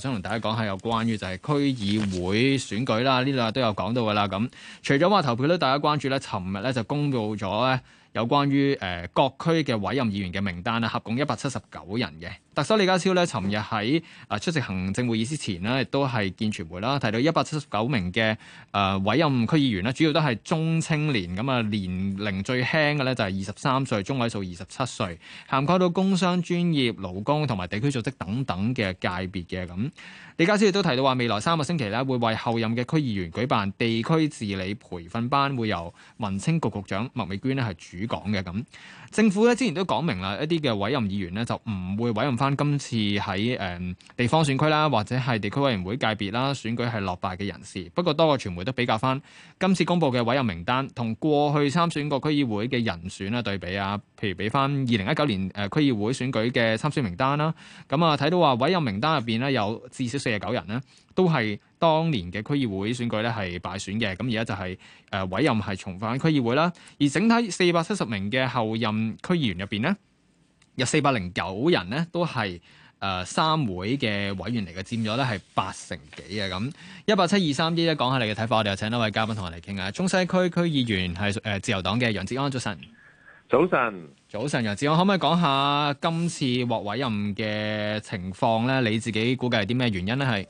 想同大家講下有關於就係區議會選舉啦，呢兩日都有講到噶啦。咁除咗話投票咧，大家關注咧，尋日咧就公布咗咧有關於誒、呃、各區嘅委任議員嘅名單啦，合共一百七十九人嘅。特首李家超咧，尋日喺啊出席行政會議之前呢，亦都係見傳媒啦，提到一百七十九名嘅誒委任區議員呢，主要都係中青年，咁啊年齡最輕嘅咧就係二十三歲，中位數二十七歲，涵蓋到工商、專業、勞工同埋地區組織等等嘅界別嘅咁。李家超亦都提到話，未來三個星期咧，會為候任嘅區議員舉辦地區治理培訓班，會由民青局局長麥美娟呢，係主講嘅咁。政府咧之前都講明啦，一啲嘅委任議員咧就唔會委任翻今次喺誒地方選區啦，或者係地區委員會界別啦選舉係落敗嘅人士。不過多個傳媒都比較翻今次公佈嘅委任名單同過去參選各區議會嘅人選啦對比啊，譬如比翻二零一九年誒區議會選舉嘅參選名單啦，咁啊睇到話委任名單入邊咧有至少四十九人呢都係。當年嘅區議會選舉咧係敗選嘅，咁而家就係誒委任係重返區議會啦。而整體四百七十名嘅後任區議員入邊呢，有四百零九人呢都係誒三會嘅委員嚟嘅，佔咗咧係八成幾嘅。咁一八七二三依家講下你嘅睇法，我哋又請一位嘉賓同我哋傾下。中西區區議員係誒自由黨嘅楊哲安，早晨，早晨，早晨，楊哲安可唔可以講下今次獲委任嘅情況咧？你自己估計係啲咩原因咧？係？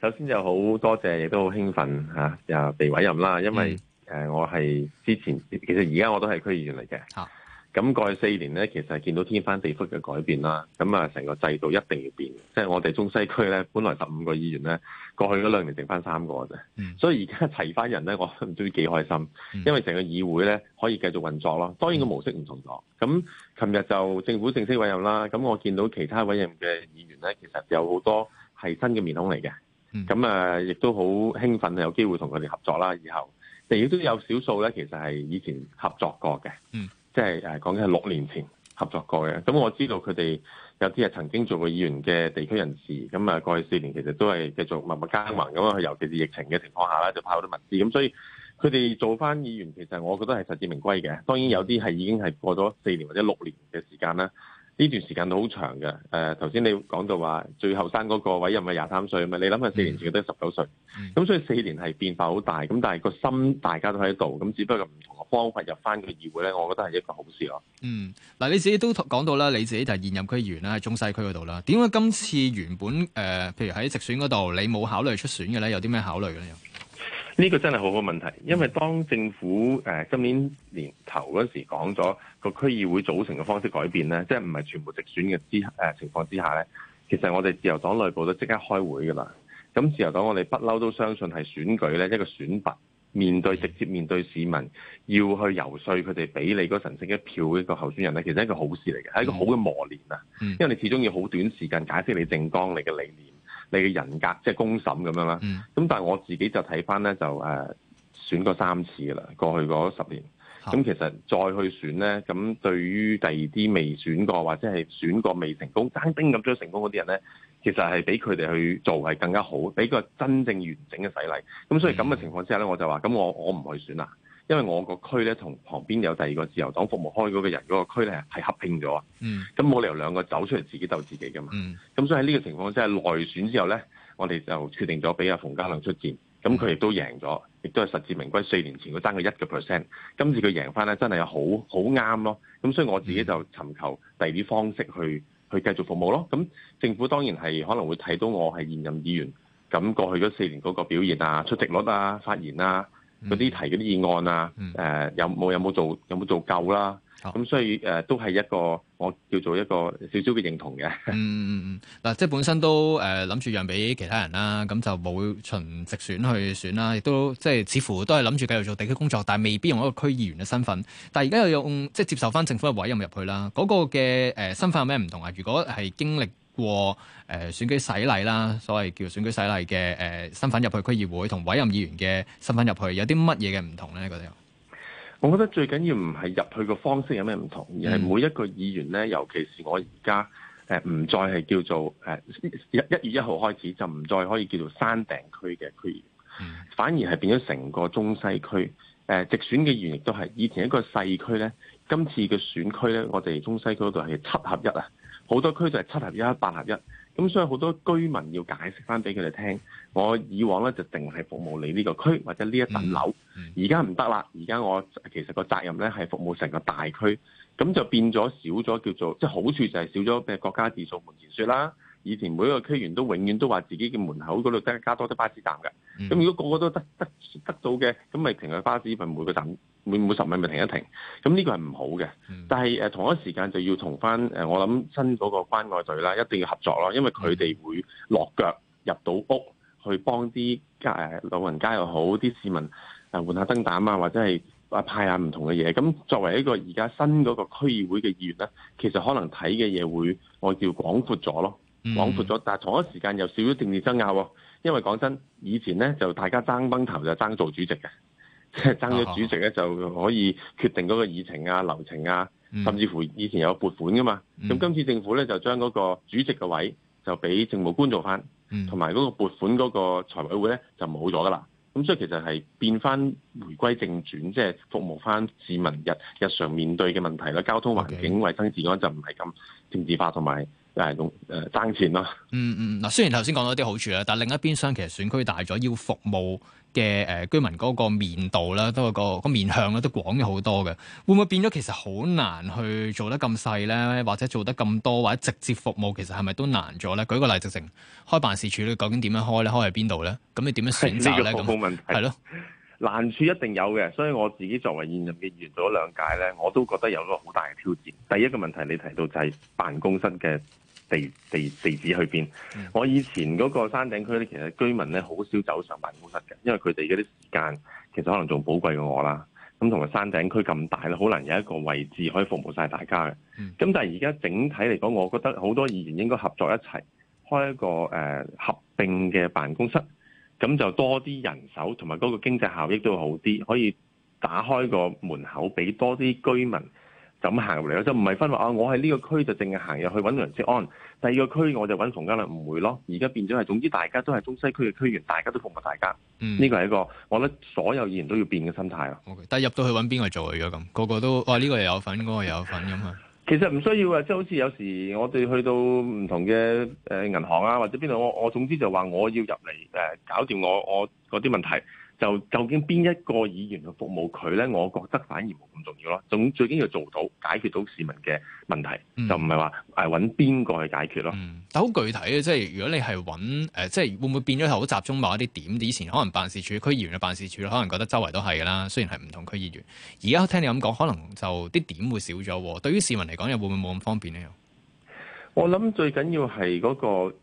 首先就好多謝，亦都好興奮嚇、啊，又被委任啦。因為誒、mm. 呃，我係之前其實而家我都係區議員嚟嘅。咁、ah. 過去四年咧，其實係見到天翻地覆嘅改變啦。咁啊，成個制度一定要變，即、就、係、是、我哋中西區咧，本來十五個議員咧，過去嗰兩年剩翻三個啫。Mm. 所以而家齊翻人咧，我都唔知幾開心，mm. 因為成個議會咧可以繼續運作咯。當然個模式唔同咗。咁琴日就政府正式委任啦。咁我見到其他委任嘅議員咧，其實有好多係新嘅面孔嚟嘅。咁啊，亦都好興奮有機會同佢哋合作啦。以後，亦都有少數咧，其實係以前合作過嘅，嗯、即係誒講緊係六年前合作過嘅。咁我知道佢哋有啲係曾經做過議員嘅地區人士，咁啊，過去四年其實都係繼續默默耕耘咁去，尤其是疫情嘅情況下啦，就派好多物資。咁所以佢哋做翻議員，其實我覺得係實至名歸嘅。當然有啲係已經係過咗四年或者六年嘅時間啦。呢段時間都好長嘅，誒頭先你講到話最後生嗰個委任咪廿三歲啊嘛，你諗下四年前都十九歲，咁、嗯、所以四年係變化好大，咁但係個心大家都喺度，咁只不過唔同嘅方法入翻個議會咧，我覺得係一個好事咯。嗯，嗱你自己都講到啦，你自己就現任區議員啦，喺中西區嗰度啦，點解今次原本誒、呃，譬如喺直選嗰度你冇考慮出選嘅咧，有啲咩考慮嘅咧？呢個真係好好問題，因為當政府今年年頭嗰時講咗個區議會組成嘅方式改變咧，即係唔係全部直選嘅之情況之下咧、呃，其實我哋自由黨內部都即刻開會噶啦。咁自由黨我哋不嬲都相信係選舉咧，一個選拔面對直接面對市民，要去遊說佢哋俾你嗰神聖一票嘅一個候選人咧，其實係一個好事嚟嘅，係一個好嘅磨練啊。因為你始終要好短時間解釋你政綱你嘅理念。你嘅人格即係公審咁樣啦，咁、嗯、但係我自己就睇翻咧，就誒、呃、選過三次嘅啦，過去嗰十年，咁、啊、其實再去選咧，咁對於第二啲未選過或者係選過未成功，單丁咁將成功嗰啲人咧，其實係俾佢哋去做係更加好，俾個真正完整嘅洗禮。咁所以咁嘅情況之下咧，我就話：咁我我唔去選啦。因為我個區咧同旁邊有第二個自由黨服務開嗰個人嗰個區咧係合併咗，咁冇、嗯、理由兩個走出嚟自己鬥自己噶嘛。咁、嗯、所以喺呢個情況即係內選之後咧，我哋就決定咗俾阿馮家亮出戰，咁佢亦都贏咗，亦都係實至名歸。四年前佢爭佢一個 percent，今次佢贏翻咧真係好好啱咯。咁所以我自己就尋求第二啲方式去去繼續服務咯。咁政府當然係可能會睇到我係現任議員，咁過去嗰四年嗰個表現啊、出席率啊、發言啊。嗰啲提嗰啲議案啊、嗯嗯呃，有冇有冇做有冇做夠啦？咁、哦、所以、呃、都係一個我叫做一個少少嘅認同嘅、嗯。嗯嗯嗯，嗱，即係本身都誒諗住讓俾其他人啦，咁就冇循直選去選啦，亦都即係似乎都係諗住繼續做地區工作，但係未必用一個區議員嘅身份。但係而家又用即係接受返政府嘅委任入去啦。嗰、嗰個嘅、呃、身份有咩唔同啊？如果係經歷。過誒、呃、選舉洗禮啦，所謂叫選舉洗禮嘅誒身份入去區議會同委任議員嘅身份入去，有啲乜嘢嘅唔同咧？嗰啲？我覺得最緊要唔係入去嘅方式有咩唔同，而係每一個議員咧，尤其是我而家誒唔再係叫做誒一、呃、月一號開始就唔再可以叫做山頂區嘅區議員，嗯、反而係變咗成個中西區誒、呃、直選嘅議員係，亦都係以前一個細區咧，今次嘅選區咧，我哋中西區嗰度係七合一啊。好多區就係七合一、八合一，咁所以好多居民要解釋翻俾佢哋聽，我以往咧就淨係服務你呢個區或者呢一棟樓，而家唔得啦，而家我其實個責任咧係服務成個大區，咁就變咗少咗叫做，即係好處就係少咗嘅國家自掃門前雪啦。以前每一個區議員都永遠都話自己嘅門口嗰度得加多啲巴士站嘅，咁如果個個都得得得到嘅，咁咪停下巴士，咪每個站每每十米咪停一停。咁呢個係唔好嘅，嗯、但係誒、呃、同一時間就要同翻誒我諗新嗰個關愛隊啦，一定要合作咯，因為佢哋會落腳入到屋去幫啲家誒老人家又好，啲市民誒換下燈膽啊，或者係啊派下唔同嘅嘢。咁作為一個而家新嗰個區議會嘅議員咧，其實可能睇嘅嘢會我叫廣闊咗咯。廣闊咗，嗯、但係同一時間又少咗政治爭拗。因為講真，以前咧就大家爭崩頭就爭做主席嘅，即係爭咗主席咧就可以決定嗰個議程啊、流程啊，甚至乎以前有撥款噶嘛。咁、嗯、今次政府咧就將嗰個主席嘅位就俾政務官做翻，同埋嗰個撥款嗰個財委會咧就冇咗噶啦。咁所以其實係變翻回歸正轉，即係服務翻市民日日常面對嘅問題啦。交通環境、衛 Okay. 生治安就唔係咁政治化，同埋。就係咁誒，爭錢咯、嗯。嗯嗯嗱，雖然頭先講到啲好處咧，但係另一邊，廂其實選區大咗，要服務嘅誒、呃、居民嗰個面度啦，都個個個面向咧都廣咗好多嘅。會唔會變咗其實好難去做得咁細咧，或者做得咁多，或者直接服務，其實係咪都難咗咧？舉個例子，成開辦事處咧，究竟點樣開咧？開喺邊度咧？咁你點樣選擇咧？咁冇問題。係咯，難處一定有嘅。所以我自己作為現任議員做咗兩屆咧，我都覺得有一個好大嘅挑戰。第一個問題你提到就係辦公室嘅。地地地址去邊？我以前嗰個山頂區咧，其實居民咧好少走上辦公室嘅，因為佢哋嗰啲時間其實可能仲寶貴過我啦。咁同埋山頂區咁大啦，好難有一個位置可以服務曬大家嘅。咁但係而家整體嚟講，我覺得好多議員應該合作一齊開一個誒、呃、合併嘅辦公室，咁就多啲人手同埋嗰個經濟效益都會好啲，可以打開個門口俾多啲居民。咁行入嚟咯，就唔係分話啊，我喺呢個區就淨係行入去揾楊哲安，第二個區我就揾馮家良唔會咯。而家變咗係，總之大家都係中西區嘅區員，大家都服務大家。嗯，呢個係一個我覺得所有議員都要變嘅心態咯。但入到去揾邊個做咗咁，個個都哇呢、這個又有份，嗰、那個又有份咁啊。嗯、樣其實唔需要啊，即、就、係、是、好似有時我哋去到唔同嘅銀行啊，或者邊度，我我總之就話我要入嚟、啊、搞掂我我嗰啲問題。就究竟邊一個議員去服務佢咧？我覺得反而冇咁重要咯。仲最緊要做到解決到市民嘅問題，嗯、就唔係話誒揾邊個去解決咯、嗯。但好具體嘅，即係如果你係揾誒，即係會唔會變咗好集中某一啲點？以前可能辦事處區議員嘅辦事處可能覺得周圍都係噶啦。雖然係唔同區議員，而家聽你咁講，可能就啲點會少咗。對於市民嚟講，又會唔會冇咁方便咧？我諗最緊要係嗰個誒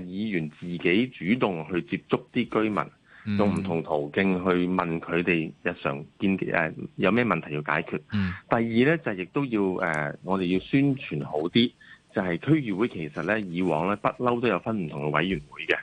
議員自己主動去接觸啲居民。用唔同途徑去問佢哋日常見嘅、呃、有咩問題要解決。嗯、第二咧就亦、是、都要誒、呃，我哋要宣傳好啲，就係、是、區議會其實咧以往咧不嬲都有分唔同嘅委員會嘅。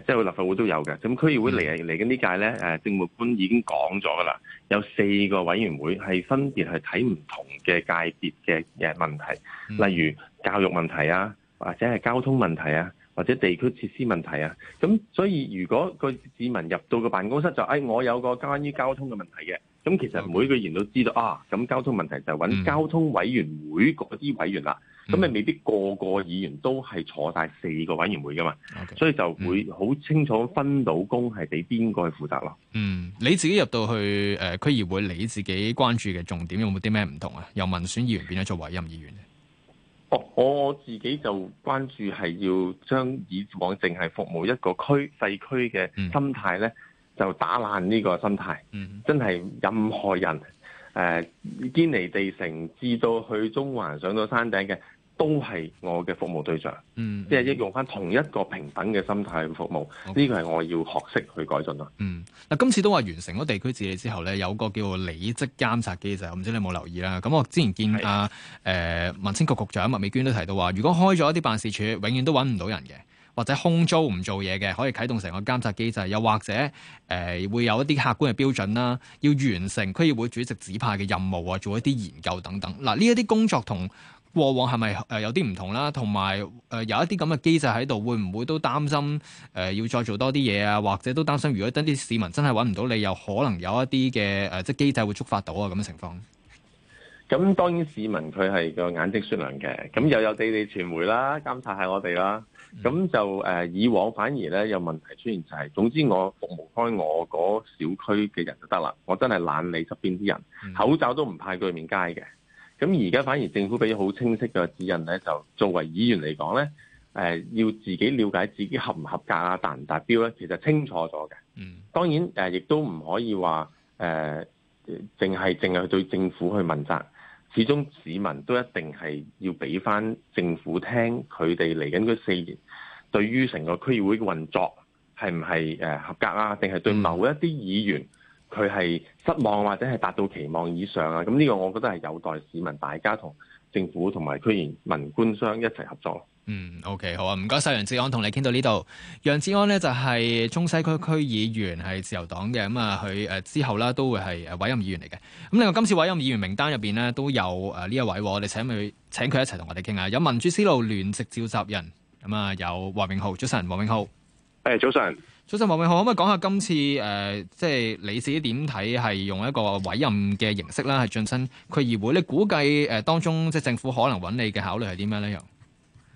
誒即係立法會都有嘅。咁區議會嚟嚟緊呢屆咧、呃、政務官已經講咗噶啦，有四個委員會係分別去睇唔同嘅界別嘅嘅問題，嗯、例如教育問題啊，或者係交通問題啊。或者地區設施問題啊，咁所以如果個市民入到個辦公室就，誒、哎、我有個關於交通嘅問題嘅，咁其實每一個議員都知道啊，咁交通問題就揾交通委員會嗰啲委員啦，咁你未必個個議員都係坐曬四個委員會㗎嘛，okay，所以就會好清楚分到工係俾邊個去負責咯。嗯，你自己入到去誒區議會，你自己關注嘅重點有冇啲咩唔同啊？由民選議員變咗做委任議員。我自己就關注係要將以往淨係服務一個區、細區嘅心態咧，就打爛呢個心態。嗯，真係任何人誒，呃、堅尼地城至到去中環上到山頂嘅。都係我嘅服務對象，嗯，即係要用翻同一個平等嘅心態去服務。呢個係我要學識去改進啦。嗯，嗱，今次都話完成咗地區治理之後呢，有個叫做履職監察機制，我唔知你有冇留意啦。咁我之前見啊，誒的，民政、呃、局局長麥美娟都提到話，如果開咗一啲辦事處，永遠都揾唔到人嘅，或者空租唔做嘢嘅，可以啟動成個監察機制，又或者誒、呃、會有一啲客觀嘅標準啦，要完成區議會主席指派嘅任務啊，做一啲研究等等。嗱、呃，呢一啲工作同，過往係咪誒有啲唔同啦，同埋誒有一啲咁嘅機制喺度，會唔會都擔心誒、呃、要再做多啲嘢啊？或者都擔心，如果等啲市民真係揾唔到你，又可能有一啲嘅誒即係機制會觸發到啊咁嘅情況。咁當然市民佢係個眼睛雪亮嘅，咁又有地地傳媒啦，監察下我哋啦。咁、嗯、就誒、呃、以往反而咧有問題出現就係、是，總之我服務開我嗰小區嘅人就得啦。我真係懶理側邊啲人，嗯、口罩都唔派對面街嘅。咁而家反而政府俾好清晰嘅指引咧，就作為議員嚟講咧，誒、呃、要自己了解自己合唔合格啊、達唔達標咧，其實清楚咗嘅。嗯。當然誒亦、呃、都唔可以話誒淨淨係淨係對政府去問責，始終市民都一定係要俾翻政府聽佢哋嚟緊嗰四年對於成個區議會嘅運作係唔係誒合格啊，定係對某一啲議員、嗯。佢係失望或者係達到期望以上啊！咁呢個我覺得係有待市民大家同政府同埋區議員民官商一齊合作。嗯，OK，好啊，唔該晒。楊哲安，同你傾到呢度。楊哲安呢就係、是、中西區區議員，係自由黨嘅咁啊，佢誒之後啦都會係委任議員嚟嘅。咁另外今次委任議員名單入邊呢都有誒呢一位，我哋請佢請佢一齊同我哋傾下。有民主思路聯席召集人咁啊，有黃頴灝，早晨，黃頴灝。誒，早晨。主席、黃永浩，可唔可以講下今次誒、呃，即係你自己點睇？係用一個委任嘅形式啦，係晉身區議會。你估計誒當中，即、呃、係政府可能揾你嘅考慮係啲咩咧？又誒、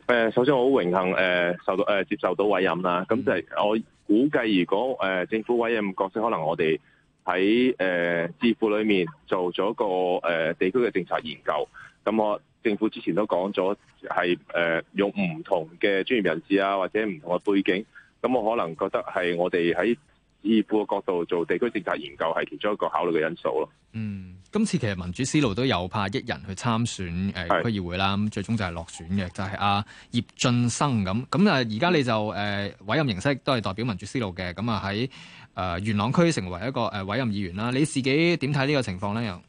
呃，首先我好榮幸誒、呃、受到誒、呃、接受到委任啦。咁就係我估計，如果誒、呃、政府委任角色，可能我哋喺誒治府裏面做咗個誒、呃、地區嘅政策研究。咁我政府之前都講咗，係誒、呃、用唔同嘅專業人士啊，或者唔同嘅背景。咁我可能覺得係我哋喺政府嘅角度做地區政策研究係其中一個考慮嘅因素咯。嗯，今次其實民主思路都有派一人去參選誒區議會啦，咁是、呃、最終就係落選嘅，就係阿葉進生葉俊生咁。咁啊，而家、嗯、你就、呃、委任形式都係代表民主思路嘅，咁啊喺元朗區成為一個、呃、委任議員啦。你自己點睇呢個情況咧？又、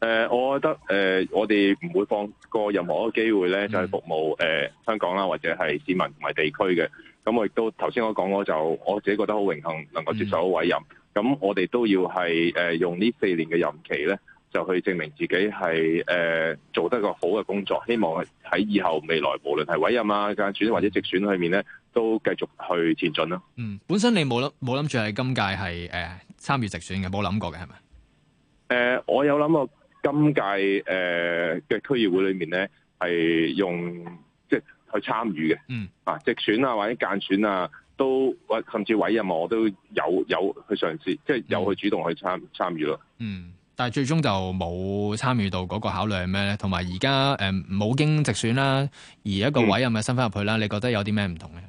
呃、我覺得、呃、我哋唔會放過任何一個機會咧，就係服務香港啦，或者係市民同埋地區嘅。咁我亦都頭先我講，我就我自己覺得好榮幸能夠接受委任。咁、嗯、我哋都要係、呃、用呢四年嘅任期咧，就去證明自己係、呃、做得一個好嘅工作。希望喺以後未來，無論係委任啊、間選或者直選裏面咧，都繼續去前進囉、啊。嗯，本身你冇諗冇諗住喺今屆係誒、呃、參與直選嘅，冇諗過嘅係咪？呃、我有諗過今屆嘅、呃、區議會裏面咧，係用，去參與嘅，嗯啊，直選啊，或者間選啊，都或甚至委任、啊、我都有有去嘗試，嗯、即係有去主動去參參與咯、嗯。嗯，但係最終就冇參與到嗰個考慮係咩咧？同埋而家誒冇經直選啦、啊，而一個委任嘅身份入去啦，嗯、你覺得有啲咩唔同咧？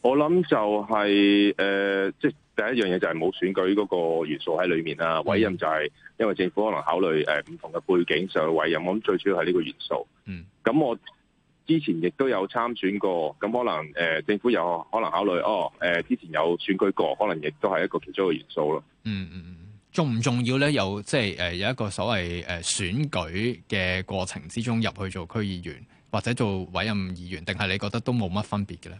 我諗就係、是、誒、呃，即係第一樣嘢就係冇選舉嗰個元素喺裏面啦。委任就係因為政府可能考慮誒唔、呃、同嘅背景上去委任，我諗最主要係呢個元素。嗯，咁我。之前亦都有參選過，咁可能誒、呃、政府有可能考慮，哦、呃、之前有選舉過，可能亦都係一個其中嘅元素咯。嗯嗯嗯，重唔重要呢？有即係、就是、有一個所謂誒、呃、選舉嘅過程之中入去做區議員或者做委任議員，定係你覺得都冇乜分別嘅呢？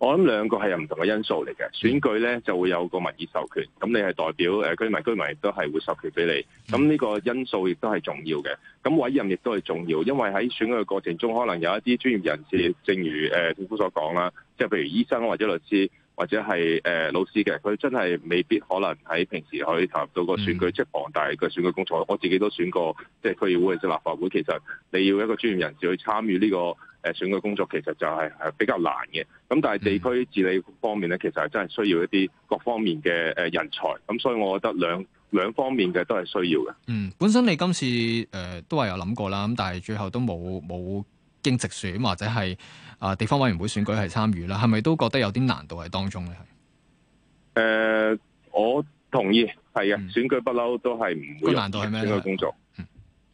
我諗兩個係有唔同嘅因素嚟嘅，選舉呢就會有個民意授權，咁你係代表誒居民，居民亦都係會授權俾你，咁呢個因素亦都係重要嘅，咁委任亦都係重要，因為喺選舉嘅過程中，可能有一啲專業人士，正如誒政府所講啦，即係譬如醫生或者律師。或者係、呃、老師嘅，佢真係未必可能喺平時可以投入到個選舉、嗯、即龐大嘅選舉工作。我自己都選過，即係區議會、即係立法會。其實你要一個專業人士去參與呢個誒選舉工作，其實就係比較難嘅。咁但係地區治理方面咧，其實真係需要一啲各方面嘅人才。咁所以，我覺得兩,兩方面嘅都係需要嘅。嗯，本身你今次、呃、都係有諗過啦，咁但係最後都冇冇。沒經直選或者係啊地方委員會選舉係參與啦，係咪都覺得有啲難度喺當中咧？係誒、呃，我同意，係啊，嗯、選舉是不嬲都係唔會。個難度係咩工作，嗯、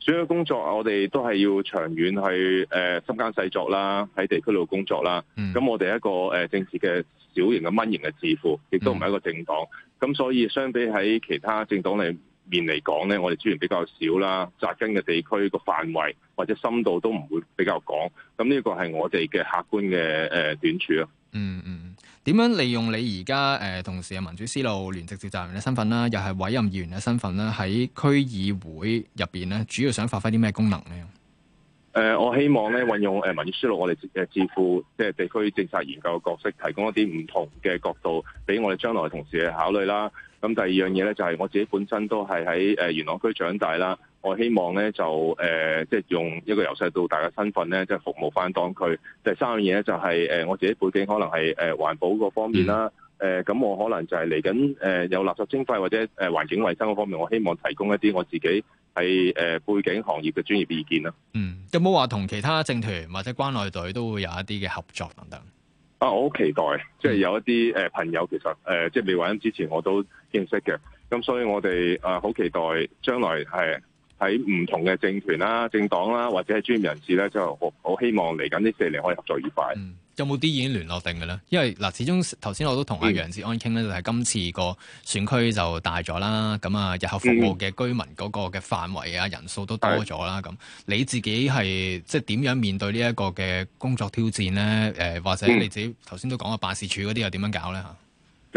選舉工作我哋都係要長遠去誒，深耕細作啦，喺地區度工作啦。咁、嗯、我哋一個誒政治嘅小型嘅蚊型嘅智庫，亦都唔係一個政黨。咁、嗯、所以相比喺其他政黨嚟。面嚟講咧，我哋資源比較少啦，紮根嘅地區個範圍或者深度都唔會比較廣，咁、這、呢個個係我哋嘅客觀嘅短處咯、嗯。嗯嗯，點樣利用你而家、呃、同時民主思路聯席召集人嘅身份啦，又係委任議員嘅身份啦，喺區議會入面咧，主要想發揮啲咩功能咧？誒我希望咧，運用誒民主思路我哋智庫，即係地區政策研究嘅角色，提供一啲唔同嘅角度俾我哋將來同事去考慮啦。咁第二樣嘢咧，就係我自己本身都係喺元朗區長大啦。我希望咧就誒即係用一個由細到大嘅身份咧，即係服務翻當區。第三樣嘢咧，就係我自己背景可能係誒環保嗰方面啦。咁我可能就係嚟緊誒有垃圾徵費或者誒環境衛生嗰方面，我希望提供一啲我自己。係誒背景行業嘅專業意見啦，嗯，有冇話同其他政團或者關內隊都會有一啲嘅合作等等？啊，我好期待，即、就、係、是、有一啲誒、呃、朋友，其實誒、呃、即係未玩之前我都認識嘅，咁所以我哋好、啊、期待將來係喺唔同嘅政團啦、啊、政黨啦、啊、或者係專業人士咧、啊，就好好希望嚟緊呢四年可以合作愉快。嗯有冇啲已經聯絡定嘅咧？因為嗱，始終頭先我都同阿楊哲安傾咧，嗯、就係今次個選區就大咗啦，咁啊，日後服務嘅居民嗰個嘅範圍啊，嗯、人數都多咗啦。咁、嗯、你自己係即係點樣面對呢一個嘅工作挑戰咧？誒、呃，或者你自己頭先都講個辦事處嗰啲又點樣搞咧？嚇，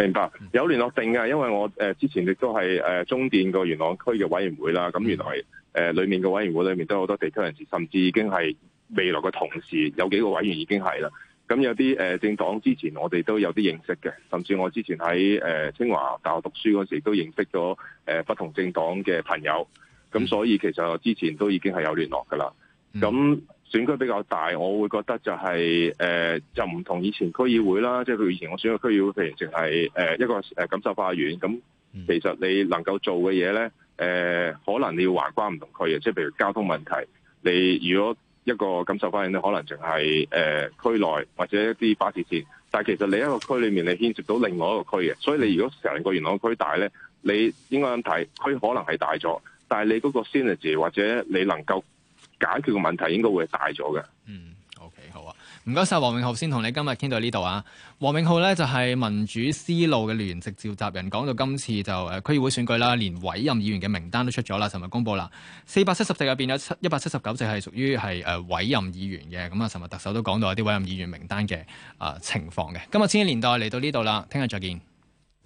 明白有聯絡定嘅，因為我誒、呃、之前亦都係誒中電個元朗區嘅委員會啦。咁、嗯、原來誒、呃、裡面嘅委員會裡面都有好多地區人士，甚至已經係未來嘅同事，有幾個委員已經係啦。咁有啲誒、呃、政黨之前我哋都有啲認識嘅，甚至我之前喺誒、呃、清華大學讀書嗰時都認識咗誒、呃、不同政黨嘅朋友，咁所以其實我之前都已經係有聯絡噶啦。咁選區比較大，我會覺得就係、是、誒、呃、就唔同以前區議會啦，即係佢以前我選嘅區議會，譬如淨係誒一個誒錦繡花園，咁其實你能夠做嘅嘢咧，誒、呃、可能你要橫跨唔同區嘅，即係譬如交通問題，你如果一個感受反應咧，可能淨係誒區內或者一啲巴士線，但係其實你一個區裏面你牽涉到另外一個區嘅，所以你如果成個元朗區大咧，你應該咁睇區可能係大咗，但係你嗰個 seniority 或者你能夠解決嘅問題應該會係大咗嘅。嗯。唔該晒，黃頴灝先同你今日傾到呢度啊。黃頴灝咧就係、是、民主思路嘅聯席召集人，講到今次就誒區、呃、議會選舉啦，連委任議員嘅名單都出咗啦，尋日公布啦，四百七十席入邊有七一百七十九席係屬於係誒委任議員嘅，咁啊尋日特首都講到一啲委任議員名單嘅啊、呃、情況嘅。今日千禧年代嚟到呢度啦，聽日再見。